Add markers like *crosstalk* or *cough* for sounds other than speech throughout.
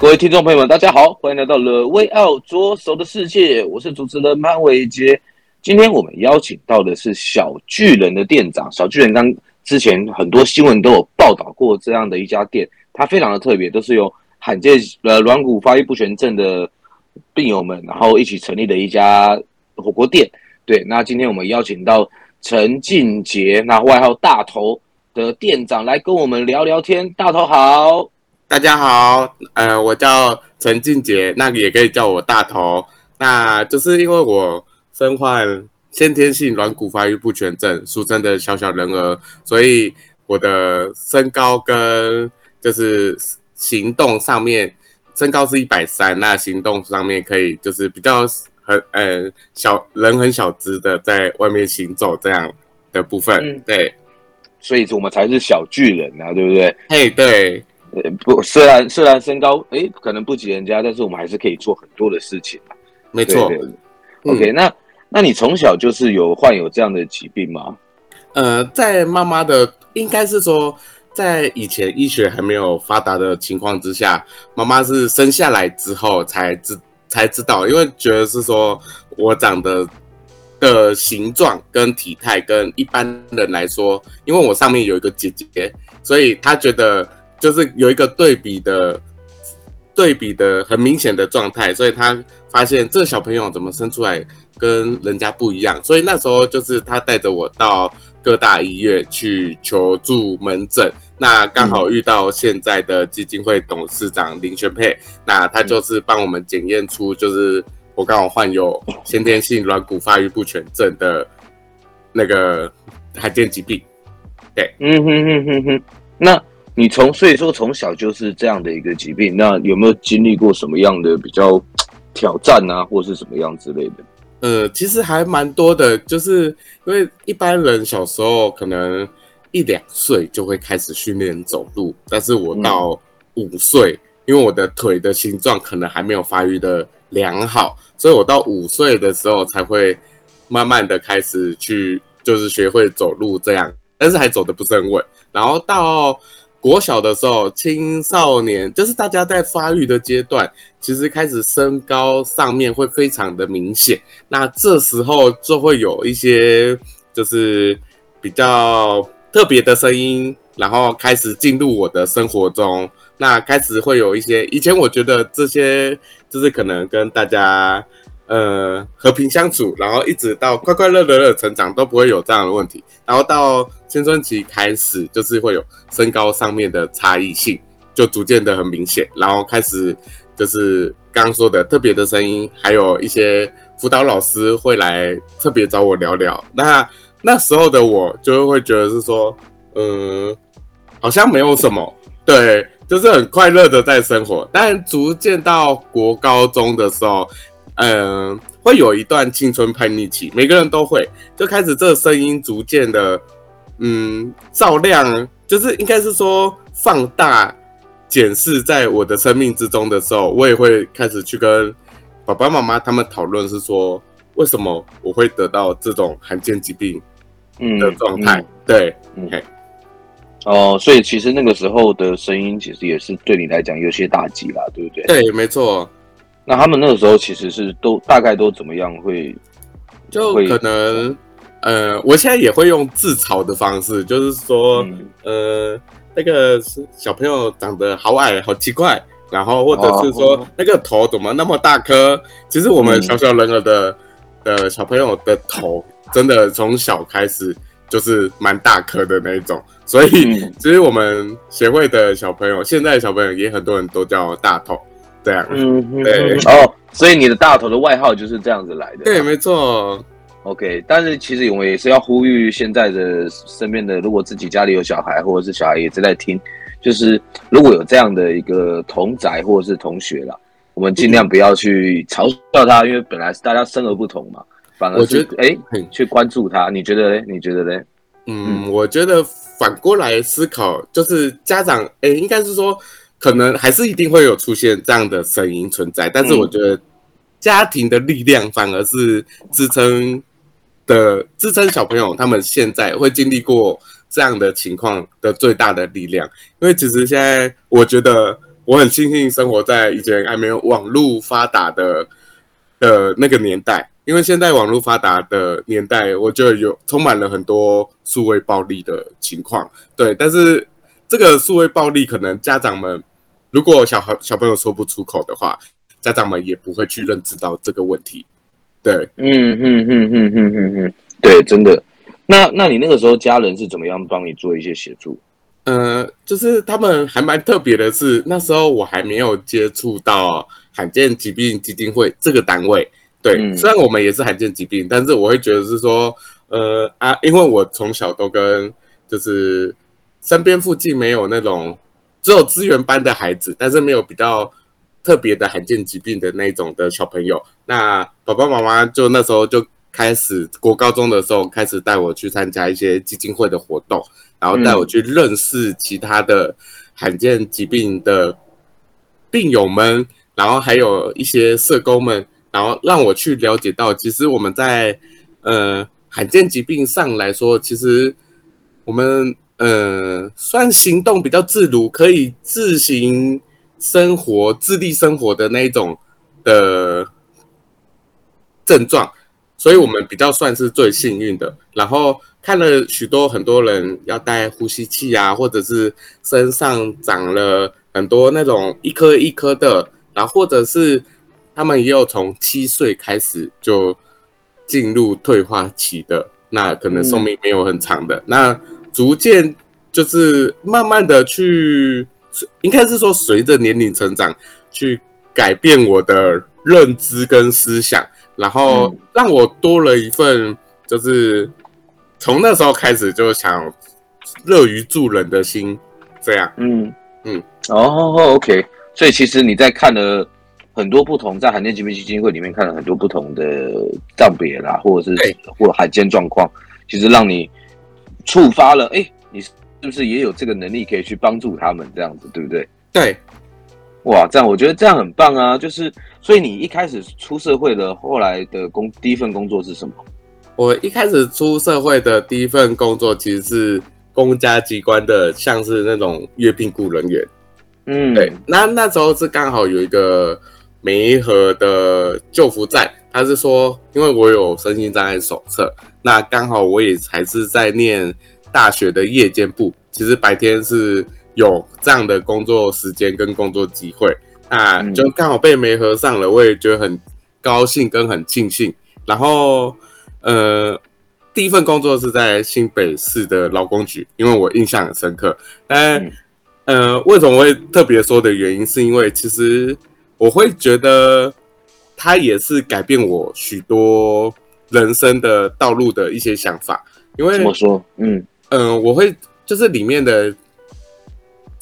各位聽眾朋友們，大家好，歡迎來到 The Way Out，左手的視界，我是主持人潘瑋杰。今天我們邀請到的是小聚人的店長，小聚人剛之前很多新聞都有報道過這樣的一家店，它非常的特別，都是由罕見呃軟骨發育不全症的病友們，然後一起成立的一家火鍋店。對，那今天我們邀請到程勁捷，那外號大頭的店長來跟我們聊聊天。大頭好。大家好，呃，我叫程勁捷，那你也可以叫我大頭。那就是因為我身患先天性軟骨發育不全症，俗稱的小小人兒，所以我的身高跟就是行動上面，身高是一百三，那行動上面可以就是比較很呃小人很小只的在外面行走這樣的部分。嗯、對，所以我們才是小聚人啊，對不對？嘿，對。呃，不，雖然雖然身高，哎，可能不及人家，但是我們還是可以做很多的事情。沒錯。OK，嗯，那那你從小就是有患有這樣的疾病嗎？呃，在媽媽的，應該是說，在以前醫學還沒有發達的情況之下，媽媽是生下來之後才知才知道，因為覺得是說我長的的形狀跟體態跟一般人來說，因為我上面有一個姐姐，所以她覺得。就是有一個對比的對比的很明顯的狀態，所以他發現這小朋友怎麼生出來跟人家不一樣，所以那時候就是他帶着我到各大醫院去求助門診，那剛好遇到現在的基金會董事長林炫沛，那他就是幫我們檢驗出就是我剛好患有先天性軟骨發育不全症的那個罕見疾病，對，嗯哼哼哼哼，那。你從所以說從小就是這樣的一個疾病，那有沒有經歷過什麼樣的比較挑戰啊，或者是什麼樣之類的？呃，其實還蠻多的，就是因為一般人小時候可能一兩歲就會開始訓練走路，但是我到五歲，嗯、因為我的腿的形狀可能還沒有發育的良好，所以我到五歲的時候才會慢慢的開始去就是學會走路這樣，但是還走得不是很穩，然後到國小的時候，青少年就是大家在發育的階段，其實開始身高上面會非常的明顯。那這時候就會有一些就是比較特別的聲音，然後開始進入我的生活中。那開始會有一些以前我覺得這些就是可能跟大家。呃，和平相處，然後一直到快快樂樂的成長都不會有這樣的問題，然後到青春期開始就是會有身高上面的差異性，就逐漸的很明顯，然後開始就是剛剛說的特別的聲音，還有一些輔導老師會來特別找我聊聊。那那時候的我就會覺得是說，嗯，好像沒有什麼，對，就是很快樂的在生活。但逐漸到國高中的時候。嗯，會有一段青春叛逆期，每個人都會就開始，這聲音逐漸的，嗯，照亮，就是應該是說放大、檢視在我的生命之中的時候，我也會開始去跟爸爸媽媽他們討論，是說為什麼我會得到這種罕見疾病，嗯，嗯的狀態，對，ok、嗯嗯、哦，所以其實那個時候的聲音，其實也是對你來講有些打擊啦，對不對？對，沒錯。那他們那個時候其實是都大概都怎麼樣會？就可能呃，我現在也會用自嘲的方式，就是說、嗯、呃，那個小朋友長得好矮好奇怪，然後或者是說、啊啊、那個頭怎麼那麼大顆？其實我們小小人兒的、嗯、的小朋友的頭，真的從小開始就是蠻大顆的那一種，所以、嗯、其實我們協會的小朋友，現在小朋友也很多人都叫大頭。對啊，嗯，對哦，所以你的大頭的外號就是這樣子來的。對，啊、沒錯錯。OK，但是其實我們也是要呼籲現在的身邊的，如果自己家裡有小孩，或者是小孩也正在聽，就是如果有這樣的一個同宅或者是同學了，我們儘量不要去嘲笑他，因為本來是大家生而不同嘛，反而我覺得，哎、嗯欸、去關注他。你覺得嘞？你覺得嘞？嗯，嗯我覺得反過來思考，就是家長哎、欸，應該是說。可能還是一定會有出現這樣的聲音存在，但是我覺得家庭的力量反而是支撐的支撐小朋友他們現在會經歷過這樣的情況的最大的力量，因為其實現在我覺得我很慶幸生活在以前還沒有網路發達的呃那個年代，因為現在網路發達的年代，我就有充滿了很多數位暴力的情況，對，但是。這個數位暴力可能家長們，如果小孩小朋友說不出口的話，家長們也不會去認知到這個問題。對，嗯嗯嗯嗯嗯嗯嗯，對，真的。那那你那個時候家人是怎麼樣幫你做一些協助？呃，就是他們還蠻特別的是，那時候我還沒有接觸到罕見疾病基金會這個單位。對，嗯、雖然我們也是罕見疾病，但是我會覺得是說，呃啊，因為我從小都跟就是。身邊附近沒有那種只有資源班的孩子，但是沒有比較特別的罕見疾病的那種的小朋友。那爸爸媽媽就那時候就開始國高中的時候開始帶我去參加一些基金會的活動，然後帶我去認識其他的罕見疾病的病友們，然後還有一些社工們，然後讓我去了解到，其實我們在呃，罕見疾病上來說，其實我們。呃，算行動比較自如，可以自行生活、自立生活的那一種的症狀，所以我們比較算是最幸運的。然後看了許多很多人要戴呼吸器啊，或者是身上長了很多那種一顆一顆的，然後或者是他們也有從七歲開始就進入退化期的，那可能壽命沒有很長的、嗯、那。逐漸就是慢慢的去，應該是說隨着年齡成長，去改變我的認知跟思想，然後讓我多了一份就是從那時候開始就想樂於助人的心，這樣。嗯嗯，哦、嗯 oh,，OK。所以其實你在看了很多不同，在罕見疾病基金會裡面看了很多不同的障別啦，或者是對或罕見狀況，其實讓你。觸發了，哎、欸，你是不是也有這個能力可以去幫助他們這樣子，對不對？對，哇，這樣我覺得這樣很棒啊！就是，所以你一開始出社會的後來的工，第一份工作是什麼？我一開始出社會的第一份工作其實是公家機關的，像是那種約聘僱人員。嗯，對，那那時候是剛好有一個媒合的就服站，他是說，因為我有身心障礙手冊。那剛好我也才是在念大學的夜間部，其實白天是有這樣的工作時間跟工作機會啊，就剛好被媒合上了，我也覺得很高興跟很慶幸。然後，呃，第一份工作是在新北市的勞工局，因為我印象很深刻。但，嗯、呃，為什麼會特別說的原因，是因為其實我會覺得它也是改變我許多。人生的道路的一些想法，因為怎麼說，嗯嗯、呃，我會就是裡面的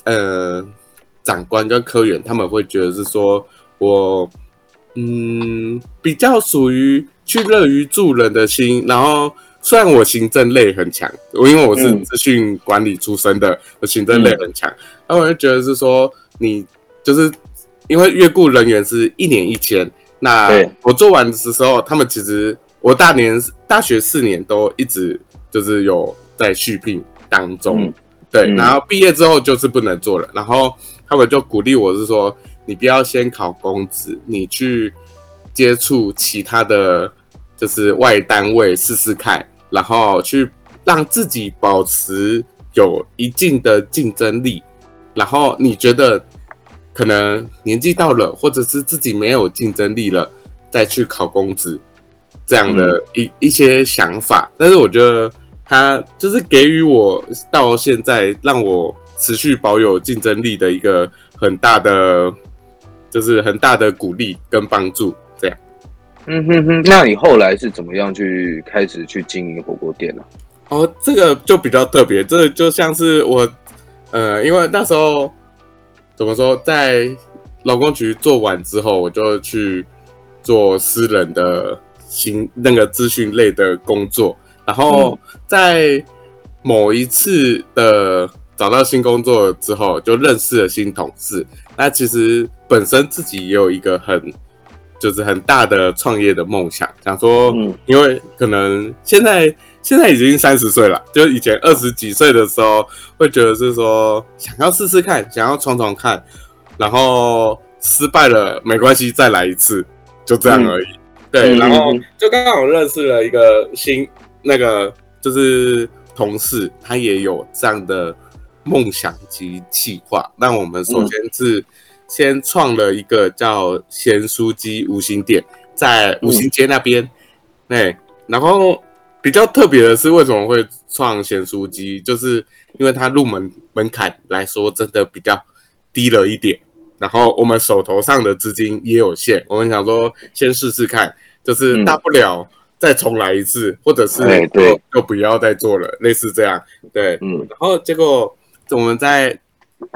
呃長官跟科員，他們會覺得是說我嗯比較屬於去樂於助人的心，然後雖然我行政類很強，我因為我是資訊管理出身的，嗯、我行政類很強，那、嗯、我就覺得是說你就是因為約僱人員是一年一千，那對我做完的時候，他們其實。我大年大學四年都一直就是有在續聘當中，嗯、對，嗯、然後畢業之後就是不能做了。然後他們就鼓勵我是說，你不要先考公職，你去接觸其他的，就是外單位試試看，然後去讓自己保持有一定的競爭力。然後你覺得可能年紀到了，或者是自己沒有競爭力了，再去考公職。這樣的一一些想法，嗯、但是我覺得他就是給予我到現在讓我持續保有競爭力的一個很大的，就是很大的鼓勵跟幫助。這樣，嗯哼哼，那你後來是怎麼樣去開始去經營火鍋店呢、啊？哦，這個就比較特別，這個、就像是我，呃，因為那時候怎麼說，在勞工局做完之後，我就去做私人的。新那個資訊類的工作，然後在某一次的找到新工作之後，就認識了新同事。那其實本身自己也有一個很就是很大的創業的夢想，想說，嗯，因為可能現在現在已經三十歲了，就以前二十幾歲的時候會覺得是說想要試試看，想要闖闖看，然後失敗了沒關係，再來一次，就這樣而已。嗯對，然後就剛好認識了一個新那個就是同事，他也有這樣的夢想及計劃。那我們首先是先創了一個叫鹹酥雞五星店，在五星街那邊。對、嗯欸，然後比較特別的是，為什麼會創鹹酥雞，就是因為它入門門檻來說真的比較低了一點，然後我們手頭上的資金也有限，我們想說先試試看。就是大不了再重來一次，嗯、或者是對，對就不要再做了，類似這樣，對，嗯。然後結果我們在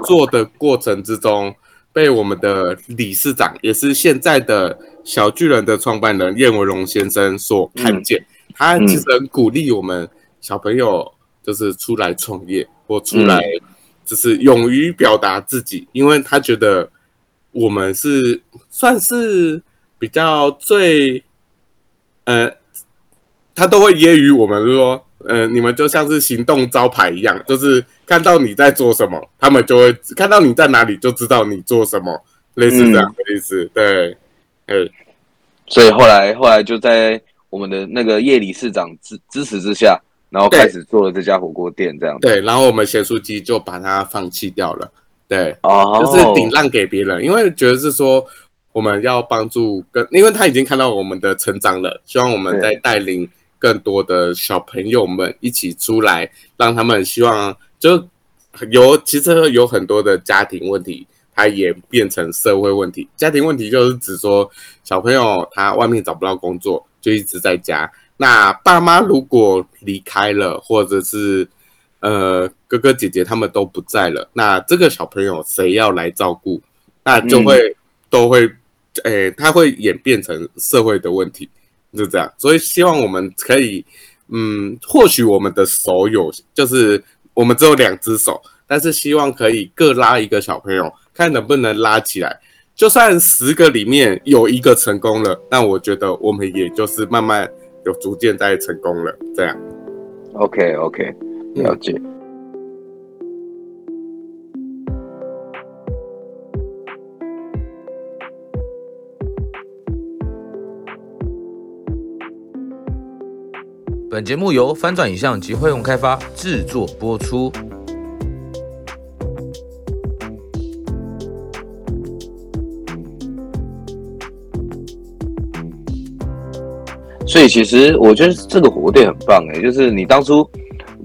做的過程之中，被我們的理事長，也是現在的小聚人的創辦人燕文龍先生所看見。嗯嗯、他其實很鼓勵我們小朋友，就是出來創業或出來，就是勇於表達自己，嗯、因為他覺得我們是算是比較最。呃，他都會揶揄我們說，呃，你們就像是行動招牌一樣，就是看到你在做什麼，他們就會看到你在哪裡，就知道你做什麼，類似這樣的意思。嗯、對，對。所以後來，後來就在我們的那個葉理事長支支持之下，然後開始做了這家火鍋店，對這樣子。對，然後我們鹹酥雞就把它放棄掉了。對，哦，就是頂讓給別人，因為覺得是說。我們要幫助跟，因為他已經看到我們的成長了，希望我們再帶領更多的小朋友們一起出來，讓他們希望就有，其實有很多的家庭問題，它演變成社會問題。家庭問題就是指說小朋友他外面找不到工作，就一直在家。那爸媽如果離開了，或者是呃哥哥姐姐他們都不在了，那這個小朋友誰要來照顧？那就會都會。誒，它、欸、會演變成社會的問題，就這樣。所以希望我們可以，嗯，或許我們的手有，就是我們只有兩隻手，但是希望可以各拉一個小朋友，看能不能拉起來。就算十個裡面有一個成功了，那我覺得我們也就是慢慢有逐漸在成功了，這樣。OK OK，了解。嗯本節目由翻轉影像及輝洪開發製作播出。所以，其實我覺得這個火鍋店很棒哎、欸，就是你當初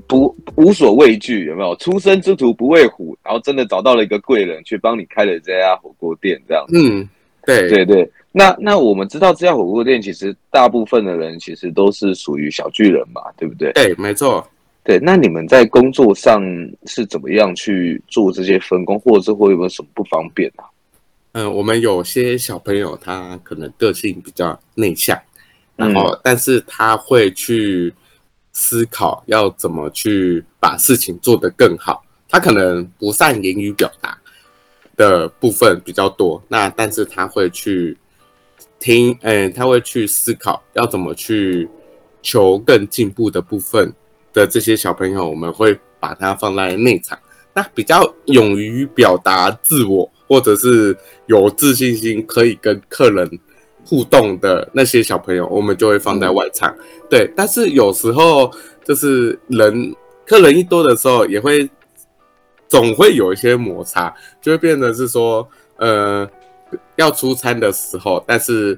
不無所畏懼，有沒有？初生之犢不畏虎，然後真的找到了一個貴人，去幫你開了這家火鍋店，這樣。嗯，對對對。那那我們知道這家火鍋店其實大部分的人其實都是屬於小聚人嘛，對不對？對，沒錯。對，那你們在工作上是怎麼樣去做這些分工，或者會有沒有什麼不方便呢、啊？嗯、呃，我們有些小朋友他可能個性比較內向，然後但是他會去思考要怎麼去把事情做得更好，他可能不善言語表達的部分比較多，那但是他會去。聽，嗯、欸，他會去思考要怎麼去求更進步的部分的這些小朋友，我們會把他放在內場。那比較勇於表達自我或者是有自信心，可以跟客人互動的那些小朋友，我們就會放在外場。嗯、對，但是有時候就是人客人一多的時候，也會總會有一些摩擦，就會變得是說，呃。要出餐的時候，但是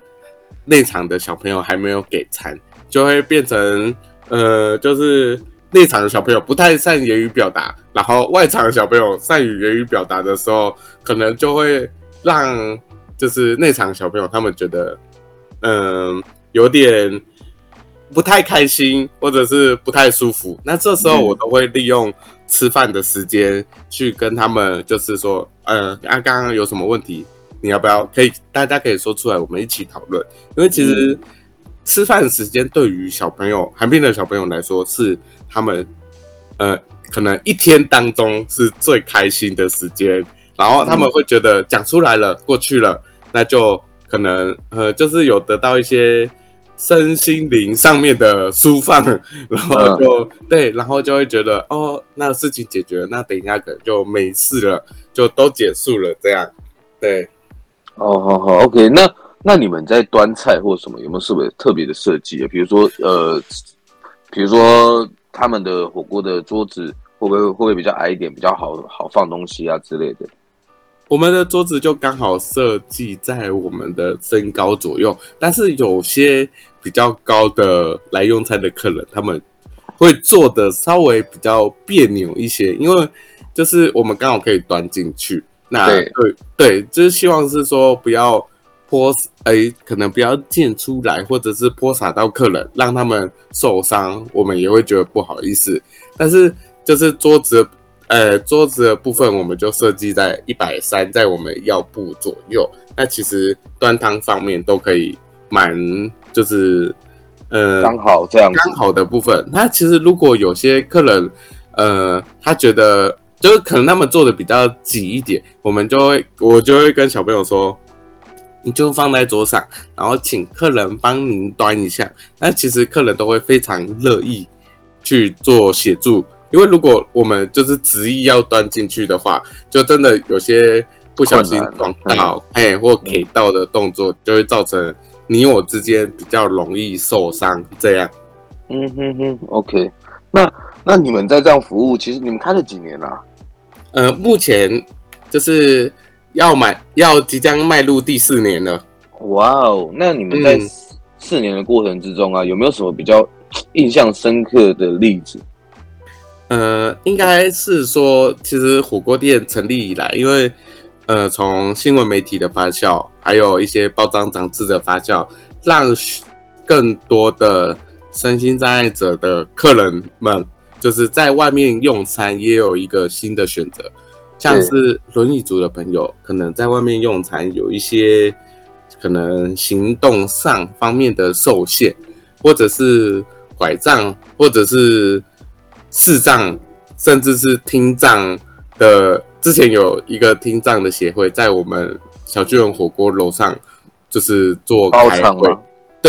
內場的小朋友還沒有給餐，就會變成呃，就是內場的小朋友不太善言語表達，然後外場的小朋友善於言語表達的時候，可能就會讓就是內場小朋友他們覺得嗯，呃，有點不太開心，或者是不太舒服。那這時候我都會利用吃飯的時間去跟他們，就是說，呃，啊，剛剛有什麼問題？你要不要？可以，大家可以說出來，我們一起討論。因為其實吃飯時間對於小朋友、嗯、罕病的小朋友來說，是他們呃可能一天當中是最開心的時間。然後他們會覺得講出來了，嗯、過去了，那就可能呃就是有得到一些身心靈上面的舒放，然後就、嗯、對，然後就會覺得哦，那事情解決了，那等一下可能就沒事了，就都結束了這樣，對。哦，好好，oh，OK，那那你們在端菜或什麼有沒有什麼特別的設計啊？比如說，呃，比如說他們的火鍋的桌子會不會會不會比較矮一點，比較好好放東西啊之類的？我們的桌子就剛好設計在我們的身高左右，但是有些比較高的來用餐的客人，他們會坐得稍微比較彆扭一些，因為就是我們剛好可以端進去。那對對，對，就是希望是說不要潑，哎，可能不要濺出來，或者是潑灑到客人，讓他們受傷，我們也會覺得不好意思。但是就是桌子的，呃，桌子的部分我們就設計在一百三，在我們腰部左右。那其實端湯方面都可以，蠻就是呃，剛好這樣，剛好的部分。那其實如果有些客人，呃，他覺得。就是可能他們做的比較擠一點，我們就會我就會跟小朋友說，你就放在桌上，然後請客人幫您端一下。那其實客人都會非常樂意去做協助，因為如果我們就是執意要端進去的話，就真的有些不小心撞到哎、嗯、或給到的動作，嗯、就會造成你我之間比較容易受傷這樣。嗯哼哼、嗯嗯嗯、OK。那那你們在這樣服務，其實你們開了幾年啦、啊？呃，目前就是要買，要即將邁入第四年了。哇哦，那你們在四年的過程之中啊，嗯、有沒有什麼比較印象深刻的例子？呃，應該是說，其實火鍋店成立以來，因為呃，從新聞媒體的發酵，還有一些報章雜誌的發酵，讓更多的身心障礙者的客人們。就是在外面用餐也有一個新的選擇，像是輪椅族的朋友，可能在外面用餐有一些可能行動上方面的受限，或者是拐杖，或者是視障，甚至是聽障的。之前有一個聽障的協會在我們小聚人火鍋樓上，就是做高唱會。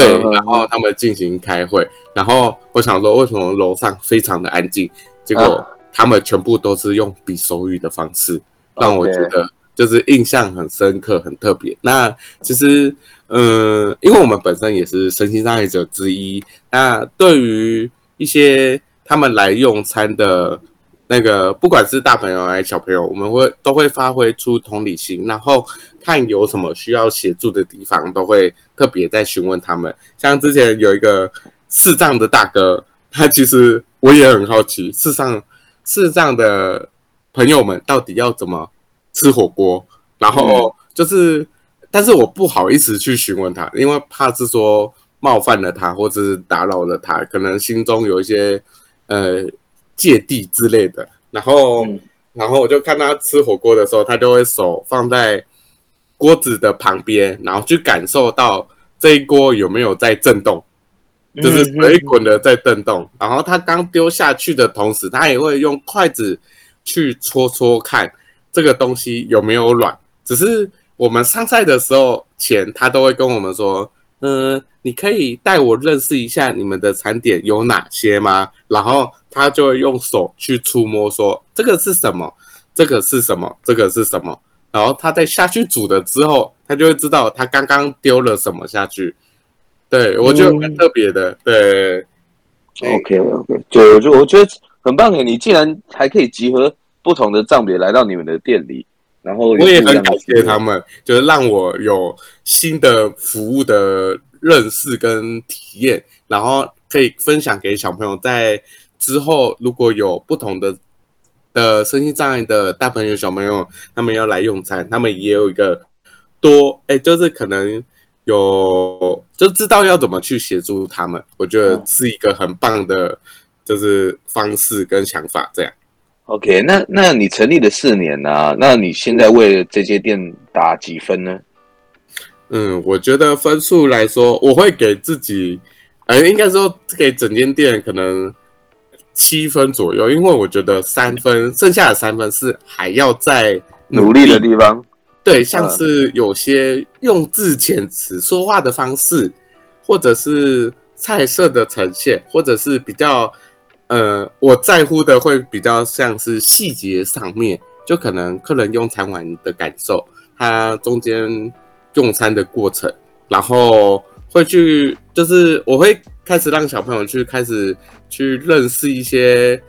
對，然後他們進行開會，然後我想說，為什麼樓上非常的安靜？結果他們全部都是用比手語的方式，讓我覺得就是印象很深刻，很特別。那其實，嗯、呃，因為我們本身也是身心障礙者之一，那對於一些他們來用餐的那個，不管是大朋友還是小朋友，我們會都會發揮出同理心，然後。看有什麼需要協助的地方，都會特別在詢問他們。像之前有一個視障的大哥，他其實我也很好奇，視障視障，的朋友們到底要怎麼吃火鍋。然後就是，嗯、但是我不好意思去詢問他，因為怕是說冒犯了他，或者是打擾了他，可能心中有一些呃芥蒂之類的。然後，嗯、然後我就看他吃火鍋的時候，他就會手放在。鍋子的旁邊，然後去感受到這一鍋有沒有在震動，嗯、就是水滾的在震動，動。然後他剛丟下去的同時，他也會用筷子去戳戳看這個東西有沒有軟。只是我們上菜的時候前，他都會跟我們說：“嗯、呃，你可以帶我認識一下你們的餐點有哪些嗎？”然後他就會用手去觸摸，說：“這個是什麼？這個是什麼？這個是什麼？”然後他在下去煮的之後，他就會知道他剛剛丟了什麼下去，對我就很特別的。嗯、對。O K O K，就我就我覺得很棒誒，你竟然還可以集合不同的障別來到你們的店裡，然後然我也很感謝他們，就是讓我有新的服務的認識跟體驗，然後可以分享給小朋友，在之後如果有不同的。的身心障礙的大朋友、小朋友，他們要來用餐，他們也有一個多哎，就是可能有，就知道要怎麼去協助他們，我覺得是一個很棒的，就是方式跟想法這樣。哦、OK，那那你成立了四年呢、啊，那你現在為這些店打幾分呢？嗯，我覺得分數來說，我會給自己，呃，應該說給整間店可能。七分左右，因為我覺得三分，剩下的三分是還要再努力，努力的地方。對，像是有些用字遣詞說話的方式，嗯，或者是菜色的呈現，或者是比較，呃，我在乎的會比較像是細節上面，就可能客人用餐完的感受，他中間用餐的過程，然後會去，就是我會開始讓小朋友去開始。去認識一些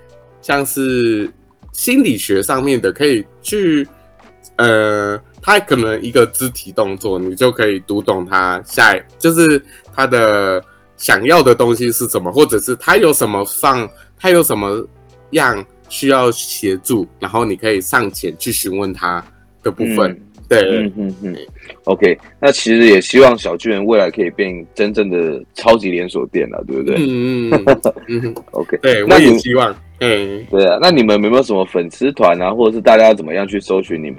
像是心理學上面的，可以去呃，他可能一個肢體動作，你就可以讀懂他下就是他的想要的東西是什麼，或者是他有什麼放，他有什麼樣需要協助，然後你可以上前去詢問他的部分，嗯、對。嗯哼哼。OK，那其實也希望小聚人未來可以變真正的超級連鎖店了、啊，對不對？嗯嗯嗯 *laughs* ，OK，對，我也希望。嗯如，欸、對啊，那你們有沒有什麼粉絲團啊，或者是大家要怎麼樣去搜尋你們？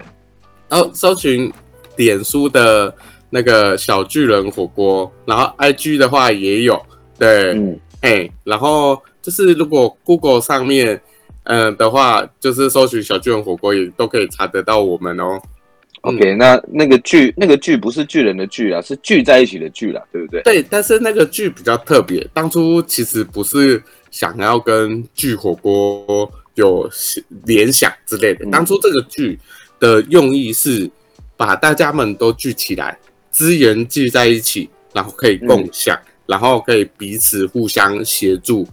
哦，搜尋點書的那個小聚人火鍋，然後 IG 的話也有，對，哎、嗯欸，然後就是如果 Google 上面嗯、呃、的話，就是搜尋小聚人火鍋也都可以查得到我們哦。OK，那那個聚那個聚不是巨人的聚啊，是聚在一起的聚啦，對不對？對，但是那個聚比較特別，當初其實不是想要跟聚火鍋有聯想之類的，嗯、當初這個聚的用意是把大家們都聚起來，資源聚在一起，然後可以共享，嗯、然後可以彼此互相協助。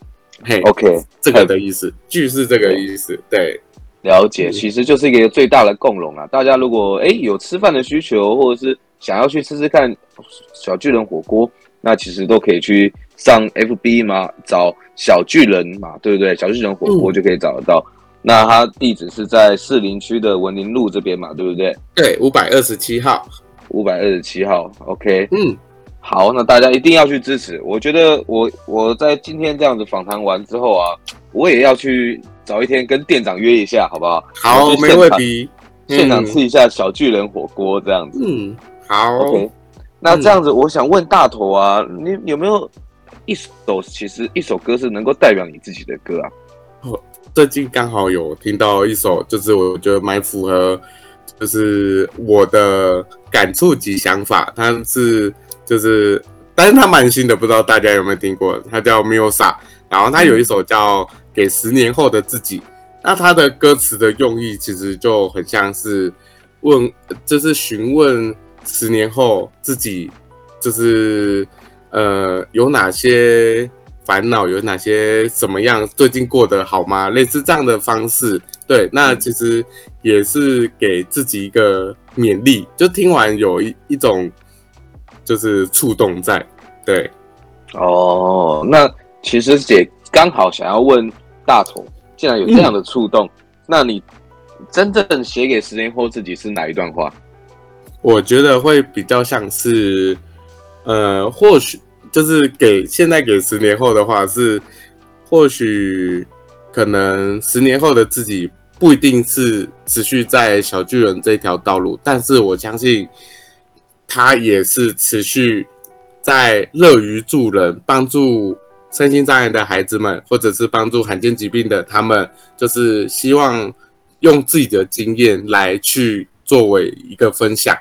嗯、嘿，OK，這個的意思，聚 okay. 是這個意思，對。了解，其實就是一個最大的共榮啊！大家如果哎有吃飯的需求，或者是想要去吃吃看小聚人火鍋，那其實都可以去上 FB 嘛，找小聚人嘛，對不對，小聚人火鍋就可以找得到。嗯、那他地址是在士林區的文林路這邊嘛，對不對？對，五百二十七號，五百二十七號，OK，嗯，好，那大家一定要去支持。我覺得我我在今天這樣子訪談完之後啊，我也要去。找一天跟店長約一下，好不好？好，沒問題。嗯、現場吃一下小聚人火鍋這樣子。嗯，好。OK，嗯、那這樣子，我想問大頭啊，你有沒有一首其實一首歌是能夠代表你自己的歌啊？最近剛好有聽到一首，就是我覺得蠻符合，就是我的感觸及想法。他是就是，但是他蠻新的，不知道大家有沒有聽過？他叫 Miusa，然後他有一首叫。給十年後的自己，那他的歌詞的用意其實就很像是問，就是詢問十年後自己，就是呃有哪些煩惱，有哪些什麼樣，最近過得好嗎？類似這樣的方式，對，那其實也是給自己一個勉勵，就聽完有一一種就是觸動在，對，哦，那其實姐剛好想要問。大頭既然有這樣的觸動，嗯、那你真正寫給十年後自己是哪一段話？我覺得會比較像是，呃，或許就是給現在給十年後的話是，或許可能十年後的自己不一定是持續在小聚人這條道路，但是我相信他也是持續在樂於助人幫助。身心障礙的孩子們，或者是幫助罕見疾病的他們，就是希望用自己的經驗來去作為一個分享，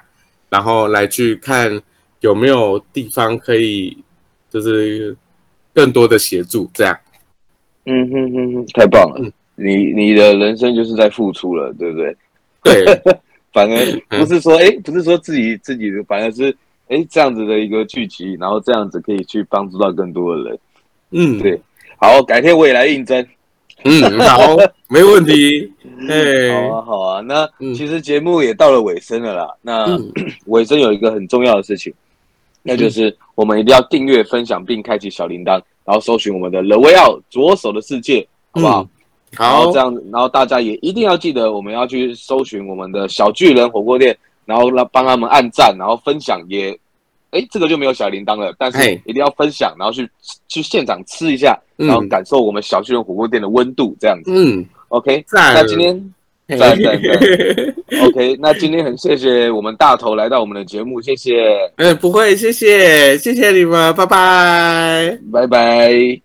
然後來去看有沒有地方可以，就是更多的協助這樣。嗯哼哼哼，太棒了！嗯、你你的人生就是在付出了，對不對？對， *laughs* 反而不是說哎、嗯，不是說自己自己的，反而是哎這樣子的一個聚集，然後這樣子可以去幫助到更多的人。嗯，對，好，改天我也來應徵。嗯，好，沒問題。哎，好啊，好啊。那其實節目也到了尾聲了啦。那尾聲有一個很重要的事情，那就是我們一定要訂閱、分享並開啟小鈴鐺，然後搜尋我們的 “The Way Out 左手的視界”，好不好？好。然後這樣，然後大家也一定要記得，我們要去搜尋我們的“小聚人火鍋店”，然後來幫他們按讚，然後分享也。哎，這個就沒有小鈴鐺了，但是一定要分享，嘿然後去去現場吃一下，嗯、然後感受我們小聚人火鍋店的溫度這樣子。嗯，OK，贊。那今天嘿嘿嘿贊贊，贊 *laughs* OK，那今天很謝謝我們大頭來到我們的節目，謝謝。嗯，不會，謝謝，謝謝你們，拜拜，拜拜。